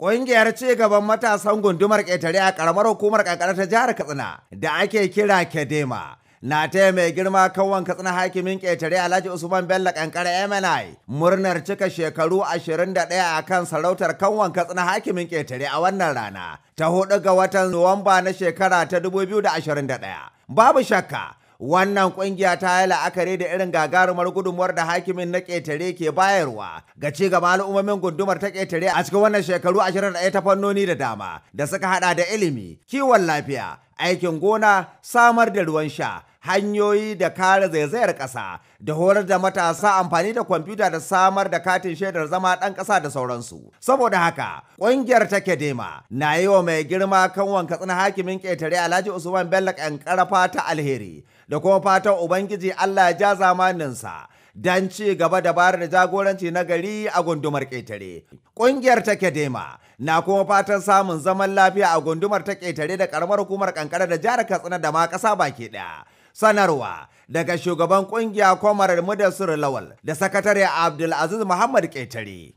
Ƙungiyar ci gaban matasan gundumar ƙetare a ƙaramar hukumar ƙanƙara ta jihar Katsina da ake kira Kedema. na taya mai girma kawan katsina hakimin ƙetare alhaji usman bello ƙanƙara mni murnar cika shekaru 21 a kan sarautar kawan katsina hakimin ƙetare a wannan rana ta hudu ga watan nuwamba na shekara ta 2021 babu shakka wannan kungiya ta yi la'akari da irin gagarumar gudunmuwar da hakimin na ƙetare ke bayarwa ga ci gaba al'ummomin gundumar ta ƙetare a cikin wannan shekaru ashirin 21 ta fannoni da dama da suka hada da ilimi kiwon lafiya aikin gona samar da ruwan sha hanyoyi da kare zaizayar ƙasa da horar da matasa amfani da kwamfuta da samar da katin shaidar zama ɗan ƙasa da sauransu. Saboda haka, ƙungiyar ta Kedema na yi wa mai girma wanka katsina hakimin ƙetare Alhaji Usman Bello ƙanƙarafa ta alheri da kuma fatan Ubangiji Allah ya ja zamaninsa. dan ci gaba da bayar da jagoranci na gari a gundumar ƙetare. Ƙungiyar ta Kedema na kuma fatan samun zaman lafiya a gundumar ta ƙetare da ƙaramar hukumar ƙanƙara da jihar Katsina da ma ƙasa baki ɗaya. sanarwa daga shugaban kungiya kwamarar mudassir lawal da sakatare abdulaziz muhammad ƙetare